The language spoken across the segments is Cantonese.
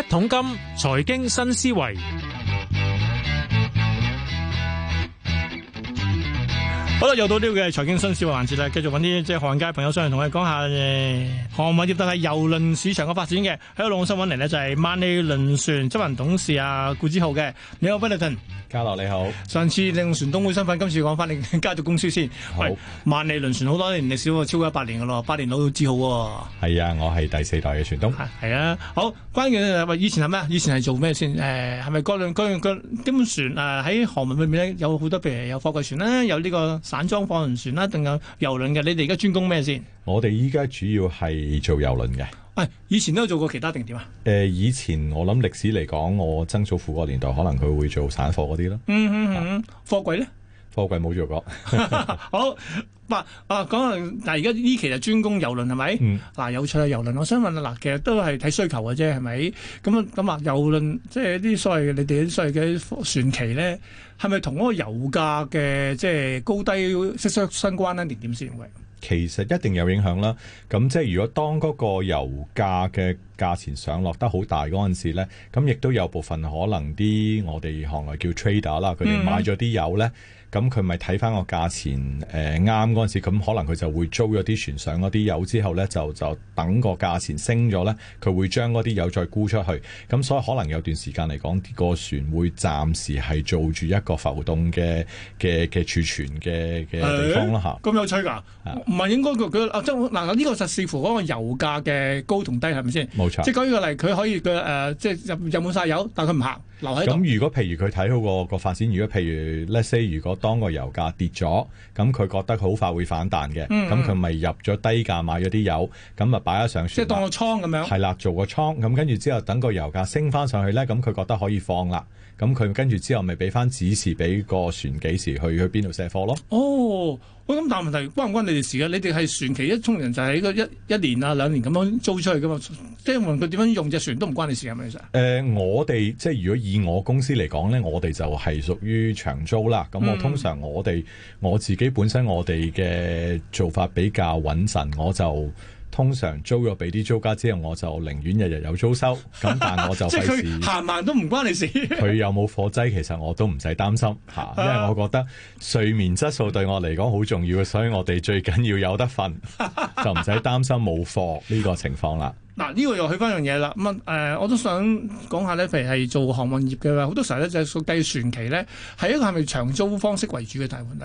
一桶金，財經新思維。好啦，又到呢個嘅財經新事嘅環節啦，繼續揾啲即係行家嘅朋友上嚟同我哋講下誒航運業特別係油輪市場嘅發展嘅，喺度重新揾嚟咧就係萬利輪船執行董事阿顧之灝嘅，你好，Benjamin。嘉 ben 樂，你好。上次你用船東嘅身份，今次講翻你家族公司先。好。萬利輪船好多年歷史，你少過超過一百年嘅咯，百年老老字號。係啊，我係第四代嘅船東。係啊，啊，好。關鍵係以前係咩以前係做咩先？誒，係咪各樣各樣船啊？喺航運裏面咧有好多譬如有貨櫃船啦，有呢、這個。散裝貨、啊、輪船啦，定有油輪嘅？你哋而家專攻咩先？我哋依家主要係做油輪嘅。喂，以前都有做過其他定點啊？誒、呃，以前我諗歷史嚟講，我曾祖父個年代可能佢會做散貨嗰啲咯。嗯嗯嗯，啊、貨櫃咧？貨櫃冇做過 ， 好，八啊講啊，但係而家呢期就專攻油輪係咪？嗱、嗯啊，有趣啊油輪，我想問啊，嗱，其實都係睇需求嘅啫，係咪？咁啊咁啊，油輪即係啲所謂嘅你哋所謂嘅船期咧，係咪同嗰個油價嘅即係高低息息相關咧？點點先認其實一定有影響啦。咁即係如果當嗰個油價嘅價錢上落得好大嗰陣時咧，咁亦都有部分可能啲我哋行內叫 trader 啦，佢哋買咗啲油咧。嗯嗯咁佢咪睇翻個價錢誒啱嗰陣時，咁可能佢就會租咗啲船上嗰啲油之後咧，就就等個價錢升咗咧，佢會將嗰啲油再沽出去。咁、嗯嗯、所以可能有段時間嚟講，個船會暫時係做住一個浮動嘅嘅嘅儲存嘅嘅地方咯嚇。咁、欸、有趣噶、啊？唔係是應該、啊嗯、個嗱呢個就視乎嗰個油價嘅高同低係咪先？冇錯。即沒差 講呢個例，佢可以嘅誒，即入入滿晒油，但佢唔行。咁如果譬如佢睇好個個發展，如果譬如 let's say 如果當個油價跌咗，咁佢覺得佢好快會反彈嘅，咁佢咪入咗低價買咗啲油，咁咪擺咗上船，即係當個倉咁樣，係啦，做個倉。咁跟住之後等個油價升翻上去咧，咁佢覺得可以放啦。咁佢、嗯、跟住之後，咪俾翻指示俾個船幾時去去邊度卸貨咯？哦，我咁但問題關唔關你哋事啊？你哋係船期一沖人就喺個一一年啊兩年咁樣租出去噶嘛、就是呃，即係問佢點樣用隻船都唔關你事啊，係咪其實。誒，我哋即係如果以我公司嚟講咧，我哋就係屬於長租啦。咁我通常我哋、嗯、我自己本身我哋嘅做法比較穩陣，我就。通常租咗俾啲租家之後，我就寧願日日有租收，咁但我就費事行慢都唔關你事。佢 有冇貨劑其實我都唔使擔心嚇， 因為我覺得睡眠質素對我嚟講好重要嘅，所以我哋最緊要有得瞓， 就唔使擔心冇貨呢、呢個情況啦。嗱、啊，呢、呢個又去翻樣嘢啦。咁、嗯、誒、呃，我都想講下咧，譬如係做航運業嘅話，好多時候咧就係個計船期咧，係一個係咪長租方式為主嘅大問題？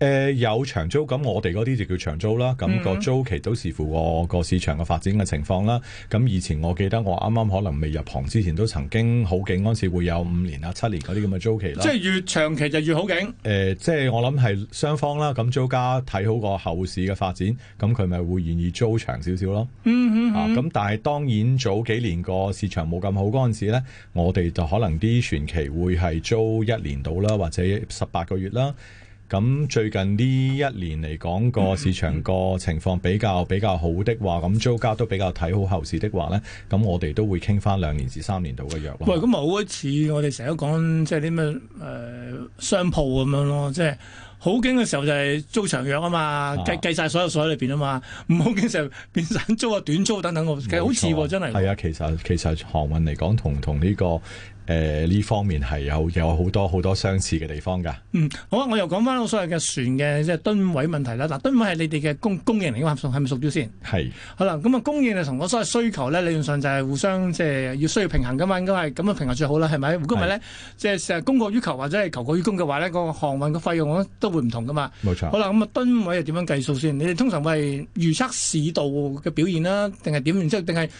誒、呃、有長租咁，我哋嗰啲就叫長租啦。咁個租期都視乎我個市場嘅發展嘅情況啦。咁以前我記得我啱啱可能未入行之前，都曾經好景嗰陣時會有五年啊、七年嗰啲咁嘅租期啦。即係越長期就越好景。誒、呃，即係我諗係雙方啦。咁租家睇好個後市嘅發展，咁佢咪會願意租長少少咯。嗯嗯。啊，咁但係當然早幾年個市場冇咁好嗰陣時咧，我哋就可能啲全期會係租一年到啦，或者十八個月啦。咁最近呢一年嚟講，個市場個情況比較比較好的話，咁租、嗯嗯、家都比較睇好後市的話呢，咁我哋都會傾翻兩年至三年度嘅約。喂，咁咪好似我哋成日都講，即係啲咩誒商鋪咁樣咯，即係。好景嘅時候就係租長約啊嘛，啊計計晒所有鎖喺裏邊啊嘛，唔好景就變散租啊、短租等等嘅，其實好似錯真係、啊。係啊、哎，其實其實航運嚟講，同同呢、呢個誒呢、呃、方面係有有好多好多相似嘅地方㗎、嗯是。嗯，好啊，我又講返我所謂嘅船嘅即係噸位問題啦。嗱，噸位係你哋嘅供供應嚟講係咪係咪屬於先？係。好啦，咁啊供應啊同我所謂需求咧，理論上就係互相即係要需要平衡㗎嘛，應該係咁樣平衡最好啦，係咪？如果唔係咧，即係成日供過於求或者係求過於供嘅話咧，嗰個航運嘅費用都會唔同噶嘛？冇錯。好啦，咁啊噸位係點樣計數先？你哋通常會係預測市道嘅表現啦、啊，定係點？然之後定係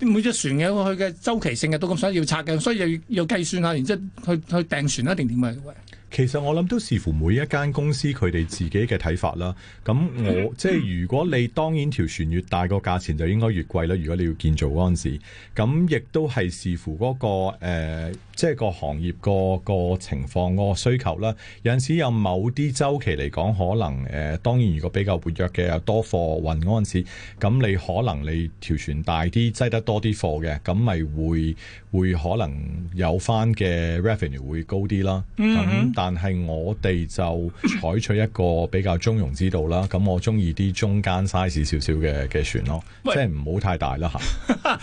每隻船嘅佢嘅周期性嘅都咁想要拆嘅，所以又要，要計算下，然之後去去訂船啦，定點啊？喂？其實我諗都視乎每一間公司佢哋自己嘅睇法啦。咁我即係如果你當然條船越大，個價錢就應該越貴啦。如果你要建造嗰陣時，咁亦都係視乎嗰個、呃、即係個行業個、個情況、個需求啦。有陣時有某啲周期嚟講，可能誒、呃、當然如果比較活躍嘅有多貨運嗰陣時，咁你可能你條船大啲，擠得多啲貨嘅，咁咪會會可能有翻嘅 revenue 會高啲啦。嗯，嗯。但係我哋就採取一個比較中庸之道啦。咁 我中意啲中間 size 少少嘅嘅船咯，喂即係唔好太大啦。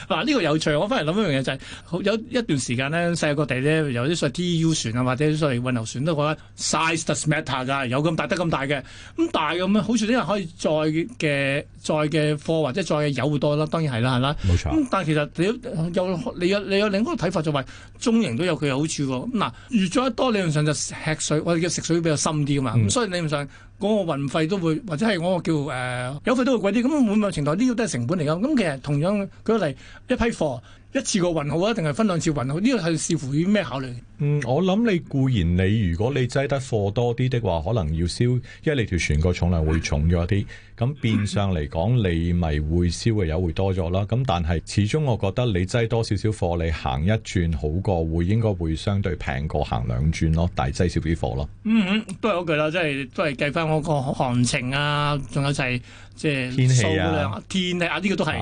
嗱，呢 個有趣。我翻嚟諗一樣嘢就係，有一段時間咧，世界各地咧有啲所謂 TU 船啊，或者所謂運油船都覺得 size does matter 㗎，有咁大得咁大嘅，咁大咁樣好似啲人可以再嘅再嘅貨或者再油多啦。當然係啦、啊，係啦。冇錯。但係其實你有，有你有，你有，你，有你有另一個睇法，就係中型都有佢嘅好處喎。嗱，越做得多理論上就是吃水我哋叫食水比較深啲嘛，咁、嗯、所以你唔上嗰個運費都會或者係嗰個叫誒油、呃、費都會貴啲，咁冇冇程度呢啲都係成本嚟㗎，咁其實同樣舉例，一批貨。一次過運好啊，定係分兩次運好？呢個係視乎於咩考慮？嗯，我諗你固然你如果你擠得貨多啲的話，可能要燒，因為你條船個重量會重咗啲。咁變相嚟講， 你咪會燒嘅油會多咗啦。咁但係始終我覺得你擠多少少貨，你行一轉好過，會應該會相對平過行兩轉咯。但係擠少啲貨咯、嗯。嗯哼，都係嗰句啦，即、就、係、是、都係計翻嗰個行情啊，仲有就係、是。即係天氣啊，天氣啊，呢個、啊、都係，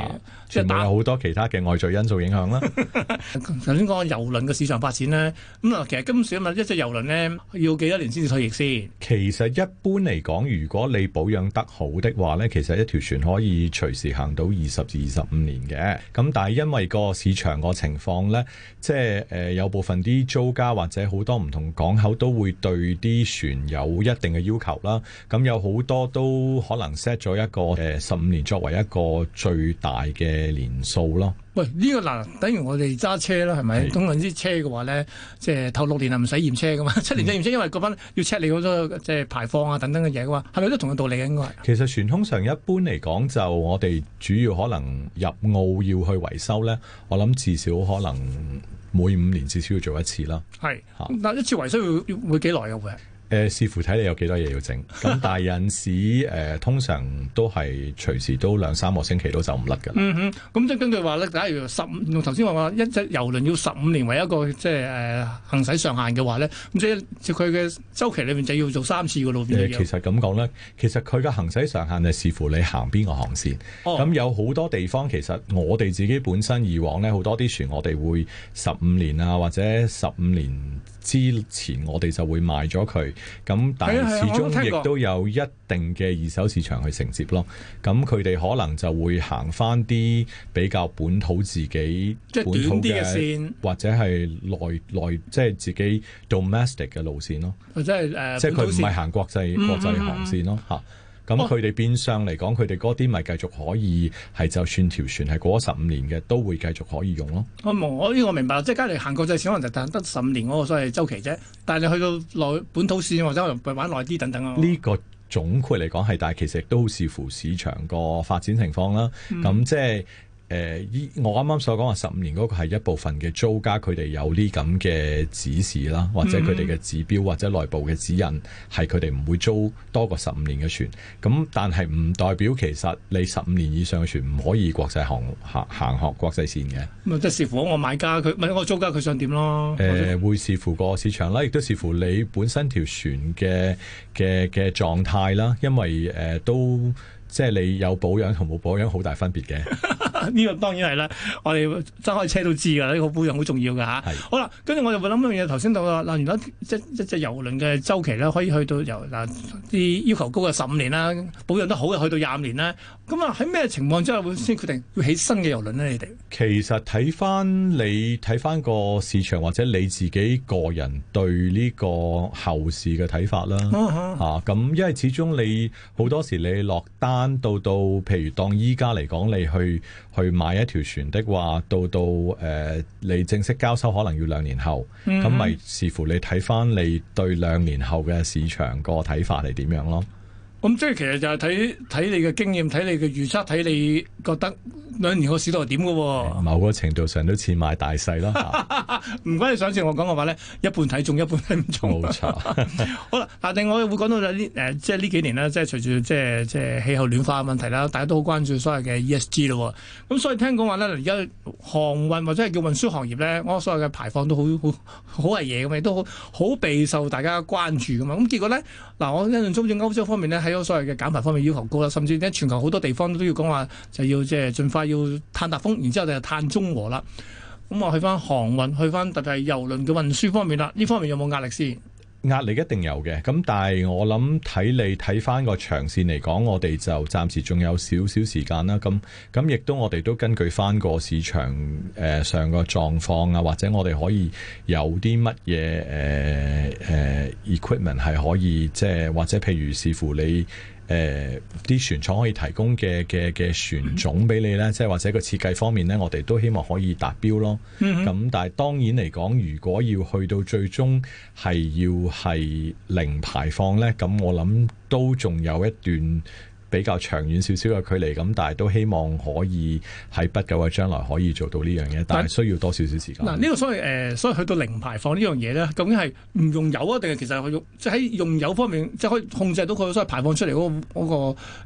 唔係、啊、有好多其他嘅外在因素影響啦 。頭先講油輪嘅市場發展咧，咁啊，其實金船啊，一隻油輪咧要幾多年先至退役先？其實一般嚟講，如果你保養得好的話咧，其實一條船可以隨時行到二十至二十五年嘅。咁但係因為個市場個情況咧，即係誒有部分啲租家或者好多唔同港口都會對啲船有一定嘅要求啦。咁有好多都可能 set 咗一個。誒十五年作為一個最大嘅年數咯。喂，呢個嗱，等於我哋揸車啦，係咪？通常啲車嘅話咧，即係頭六年啊，唔使驗車噶嘛，七年先驗車，因為嗰班要 check 你好多即係排放啊等等嘅嘢噶嘛，係咪都同樣道理啊？應該。其實船通常一般嚟講，就我哋主要可能入澳要去維修咧，我諗至少可能每五年至少要做一次啦。係是，嗱是，但一次維修要要幾耐啊？會？誒、呃、視乎睇你有幾多嘢要整，咁大引市誒，通常都係隨時都兩三個星期都走唔甩嘅。 嗯哼，咁即係根據話咧，假如十五用頭先話話一隻遊輪要十五年為一個即係誒行駛上限嘅話咧，咁即係佢嘅周期裏面就要做三次嘅路邊。其實咁講咧，其實佢嘅行駛上限係視乎你行邊個航線。咁、哦、有好多地方其實我哋自己本身以往咧，好多啲船，我哋會十五年啊或者十五年。之前我哋就會賣咗佢，咁但係始終亦都有一定嘅二手市場去承接咯。咁佢哋可能就會行翻啲比較本土自己本土嘅線，或者係內內即係自己 domestic 嘅路線咯、啊，即係佢唔係行國際、嗯、國際航線咯嚇。嗯嗯啊。咁佢哋變相嚟講，佢哋嗰啲咪繼續可以係就算條船係過咗十五年嘅，都會繼續可以用咯。啊啊啊這個、我我呢個明白，即係隔籬行國際市可能就等得十五年嗰個所謂周期啫。但係你去到內本土市，或者可能玩耐啲等等咯、啊。呢個總括嚟講係，但係其實都視乎市場個發展情況啦。咁、嗯、即係。誒，依我啱啱所講話十五年嗰個係一部分嘅租家，佢哋有呢咁嘅指示啦，或者佢哋嘅指標，或者內部嘅指引，係佢哋唔會租多過十五年嘅船。咁但係唔代表其實你十五年以上嘅船唔可以國際航行行航國際線嘅。即係視乎我買家佢，咪我租家佢想點咯？誒、呃，會視乎個市場啦，亦都視乎你本身條船嘅嘅嘅狀態啦。因為誒、呃，都即係你有保養同冇保養好大分別嘅。 呢個當然係啦，我哋揸開車都知㗎，呢、這個保養好重要㗎嚇。是好啦，跟住我就會諗一樣嘢，頭先到嗱，原來一隻一隻遊輪嘅週期咧，可以去到由嗱啲要求高嘅十五年啦，保養得好嘅去到廿五年啦。咁啊喺咩情況之下會先決定要起新嘅遊輪咧？你哋其實睇翻你睇翻個市場或者你自己個人對呢個後市嘅睇法啦。嚇、啊啊，咁、啊、因為始終你好多時你落單到到，譬如當依家嚟講你去。去買一條船的話，到到誒、呃、你正式交收可能要兩年後，咁咪、mm hmm. 視乎你睇返你對兩年後嘅市場個睇法係點樣咯？咁即係其實就係睇睇你嘅經驗，睇你嘅預測，睇你覺得兩年個市道係點噶？某個程度上都似買大細咯。唔怪，你上次我講嘅話咧，一半睇中，一半睇唔中。冇錯。好啦，嗱，另外會講到呢誒，即係呢幾年咧，即係隨住即係即係氣候暖化嘅問題啦，大家都好關注所謂嘅 ESG 咯。咁所以聽講話咧，而家航運或者係叫運輸行業咧，我所謂嘅排放都好好好係嘢咁，亦都好好備受大家關注噶嘛。咁結果咧，嗱，我一陣中意歐洲方面咧係。啲所謂嘅減排方面要求高啦，甚至喺全球好多地方都要講話，就要即係盡快要碳達峰，然之後就碳中和啦。咁、嗯、我去翻航運，去翻特別係油輪嘅運輸方面啦，呢方面有冇壓力先？壓力一定有嘅，咁但係我諗睇你睇翻個長線嚟講，我哋就暫時仲有少少時間啦。咁咁亦都我哋都根據翻個市場誒、呃、上個狀況啊，或者我哋可以有啲乜嘢誒 equipment 係可以即係、就是，或者譬如視乎你。誒啲、呃、船廠可以提供嘅嘅嘅船種俾你咧，即係或者個設計方面呢，我哋都希望可以達標咯。咁但係當然嚟講，如果要去到最終係要係零排放呢，咁我諗都仲有一段。比較長遠少少嘅距離咁，但係都希望可以喺不久嘅將來可以做到呢樣嘢，但係需要多少少時間。嗱，呢個所謂誒，呃，所以去到零排放呢樣嘢咧，究竟係唔用油啊，定係其實喺用即係喺用油方面，即係可以控制到佢所排放出嚟嗰個嗰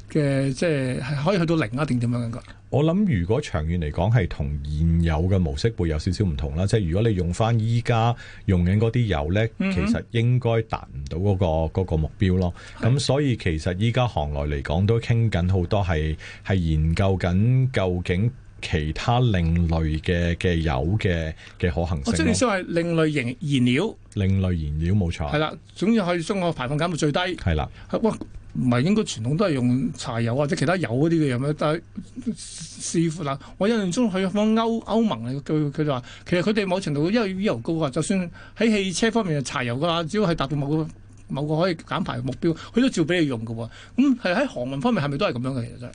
個嘅即係可以去到零啊，定點樣嘅？我諗如果長遠嚟講係同現有嘅模式會有少少唔同啦，即係如果你用翻依家用緊嗰啲油咧，嗯嗯其實應該達到嗰、那個嗰、那個目標咯，咁、嗯嗯、所以其實依家行內嚟講都傾緊好多係係研究緊究竟其他另類嘅嘅油嘅嘅可行性、啊、即係將啲所謂另類型燃料，另類燃料冇錯，係啦，總之可以將個排放減到最低。係啦的，係哇。唔係應該傳統都係用柴油或者其他油嗰啲嘅嘢咩？但係視乎嗱，我印象中去翻歐歐盟佢佢就話其實佢哋某程度因為油高啊，就算喺汽車方面柴油噶啦，只要係達到某個某個可以減排目標，佢都照俾你用㗎喎。咁係喺航運方面係咪都係咁樣嘅？其實。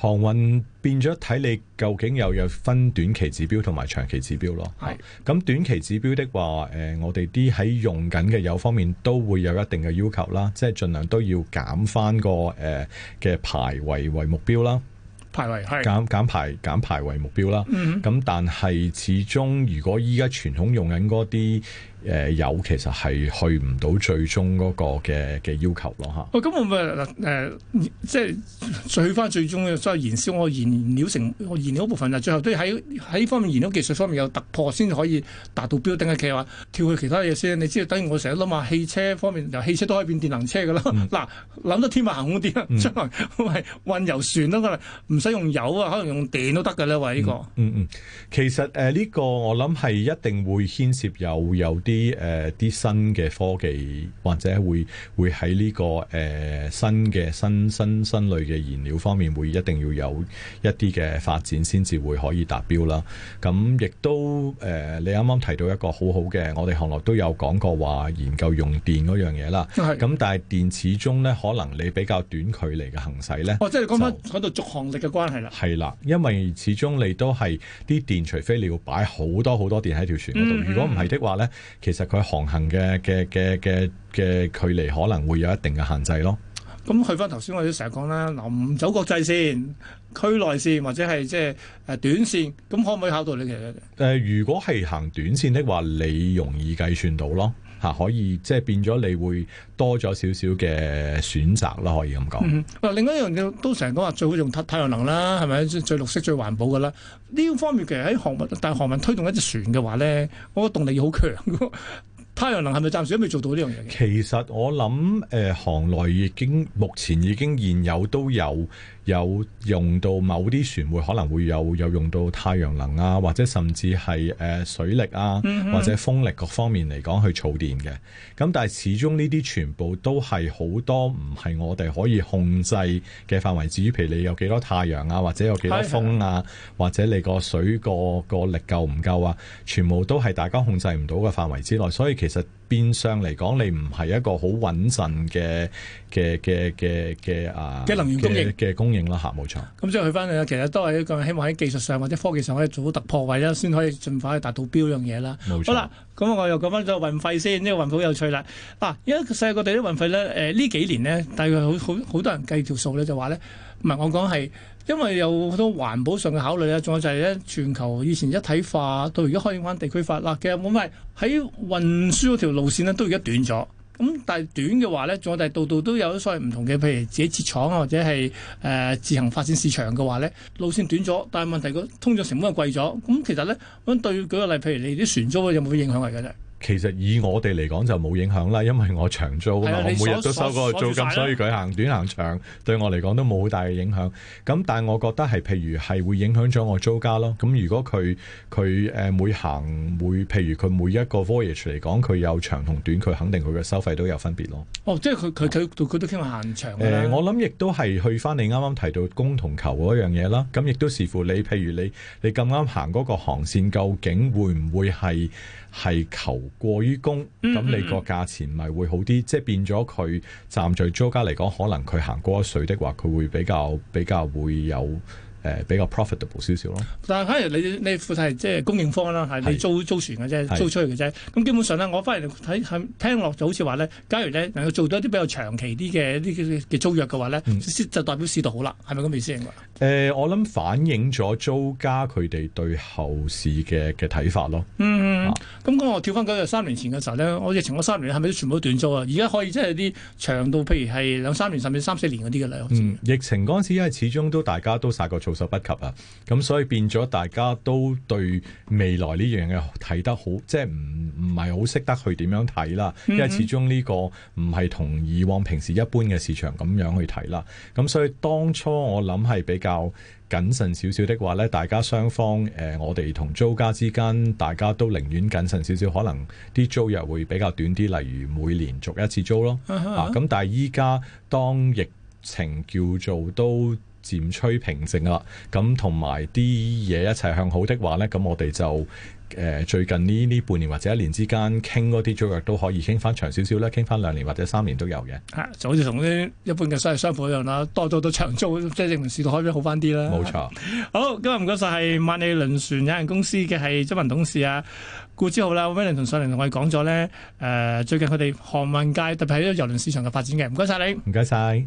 航運變咗睇你究竟有冇分短期指標同埋長期指標咯。係咁是、啊、短期指標的話，誒、呃、我哋啲喺用緊嘅油方面都會有一定嘅要求啦，即係盡量都要減返個誒嘅、呃、排位為目標啦。排位係減減排減排為目標啦。咁、嗯、但係始終如果依家傳統用緊嗰啲。誒有、呃、其實係去唔到最終嗰個嘅嘅要求咯嚇、啊呃。我咁我咪誒，即係最去翻最終嘅，即係燃燒我燃料成我燃料部分，就最後都要喺喺呢方面燃料技術方面有突破先至可以達到標定嘅企劃，跳去其他嘢先。你知道，等於我成日諗下汽車方面，由汽車都可以變電能車嘅啦。嗱、um, 啊，諗得天馬行空啲啊，將來我係運油船都得，唔使用，用油啊，可能用電都得嘅咧。喂、呢個，呢個嗯嗯，其實誒呢、呃呢個我諗係一定會牽涉有有啲誒啲新嘅科技或者會會喺呢個誒、呃、新嘅新新新類嘅燃料方面會一定要有一啲嘅發展先至會可以達標啦。咁亦都誒、呃，你啱啱提到一個好好嘅，我哋行業都有講過話研究用電嗰樣嘢啦。咁是但係電始終咧，可能你比較短距離嘅行駛咧、哦，即係講翻講到續航力嘅關係啦。係啦，因為始終你都係啲電，除非你要擺好多好多，多電喺條船嗰度，嗯、如果唔係的話咧。其實佢航行嘅嘅嘅嘅嘅距離可能會有一定嘅限制咯。咁去翻頭先，我哋成日講啦，嗱，唔走國際線、區內線或者係即係誒短線，咁可唔可以考到你其實？誒、呃，如果係行短線的話，你容易計算到咯。嚇，可以即係變咗，你會多咗少少嘅選擇啦，可以咁講。嗱、嗯，另外一樣嘢都成日講話最好用太太陽能啦，係咪最綠色、最環保㗎啦？呢方面其實喺航運，但係航運推動一隻船嘅話咧，嗰個動力要好強。 太陽能係咪暫時都未做到呢樣嘢？其實我諗誒、呃，行內已經目前已經現有都有。有用到某啲船會可能會有有用到太陽能啊，或者甚至係誒水力啊，mm hmm. 或者風力各方面嚟講，去儲電嘅。咁但係始終呢啲全部都係好多唔係我哋可以控制嘅範圍。至於譬如你有幾多太陽啊，或者有幾多風啊，或者你個水個個力夠唔夠啊，全部都係大家控制唔到嘅範圍之內。所以其實。變相嚟講，你唔係一個好穩陣嘅嘅嘅嘅嘅啊能源供應嘅供應啦，嚇，冇錯。咁所以去翻咧，其實都係一個希望喺技術上或者科技上可以做到突破位啦，先可以儘快去達到標樣嘢啦。冇錯。好啦，咁我又講翻咗運費先，呢個運費好有趣啦。嗱、啊，而家世界各地啲運費咧，誒、呃、呢幾年咧，大概好好好，好多人計條數咧，就話咧。唔係我講係，因為有好多環保上嘅考慮啦，仲有就係咧全球以前一體化到而家開始翻地區化啦。其實我咪喺運輸嗰條路線咧都而家短咗。咁但係短嘅話咧，仲有度度都有啲所謂唔同嘅，譬如自己設廠呀或者係誒、呃、自行發展市場嘅話咧，路線短咗，但係問題個通脹成本係貴咗。咁其實咧，咁對舉個例，譬如你啲船租有冇影響嚟嘅啫？其實以我哋嚟講就冇影響啦，因為我長租嘛，啊、我每日都收嗰個租金，所、所以佢行短行長對我嚟講都冇好大嘅影響。咁但係我覺得係，譬如係會影響咗我租家咯。咁如果佢佢誒每行每譬如佢每一個 voyage 嚟講，佢有長同短，佢肯定佢嘅收費都有分別咯。哦，即係佢佢佢佢都傾向行長誒、呃。我諗亦都係去翻你啱啱提到供同求嗰樣嘢啦。咁亦都視乎你，譬如你你咁啱行嗰個航線，究竟會唔會係？係求過於供，咁你個價錢咪會好啲，即係變咗佢站在租家嚟講，可能佢行過水的話，佢會比較比較會有。誒比較 profitable 少少咯，但係反而你你副睇，即係供應方啦，係你租是租船嘅啫，是租出去嘅啫。咁基本上咧，我反而睇係聽落就好似話咧，假如咧能夠做多啲比較長期啲嘅啲嘅租約嘅話咧，嗯、就代表市道好啦，係咪咁意思啊？誒、呃，我諗反映咗租家佢哋對後市嘅嘅睇法咯。咁嗰個跳翻嗰日三年前嘅時候咧，我疫情嗰三年係咪都全部都短租啊？而家可以即係啲長到譬如係兩三年甚至三四年嗰啲嘅咧，我知。疫情嗰陣時因為始終都、嗯、大家都晒過措手不及啊！咁所以變咗大家都對未來呢樣嘢睇得好，即係唔唔係好識得去點樣睇啦。嗯嗯因為始終呢個唔係同以往平時一般嘅市場咁樣去睇啦。咁所以當初我諗係比較謹慎少少的話咧，大家雙方誒、呃，我哋同租家之間大家都寧願謹慎少少，可能啲租約會比較短啲，例如每年續一次租咯。啊，哈啊！咁但係依家當疫情叫做都。漸趨平靜啦，咁同埋啲嘢一齊向好的話咧，咁我哋就誒、呃、最近呢呢半年或者一年之間傾嗰啲租約都可以傾翻長少少啦。傾翻兩年或者三年都有嘅。啊，就好似同啲一般嘅商業商鋪一樣啦，多多都長租，即、就、係、是、證明市道可以好翻啲啦。冇錯， 好，今日唔該晒，係萬利輪船有限公司嘅係執行董事啊顧之浩啦，我今日同上嚟同我哋講咗咧，誒、呃、最近佢哋航運界特別係啲油輪市場嘅發展嘅，唔該晒你，唔該曬。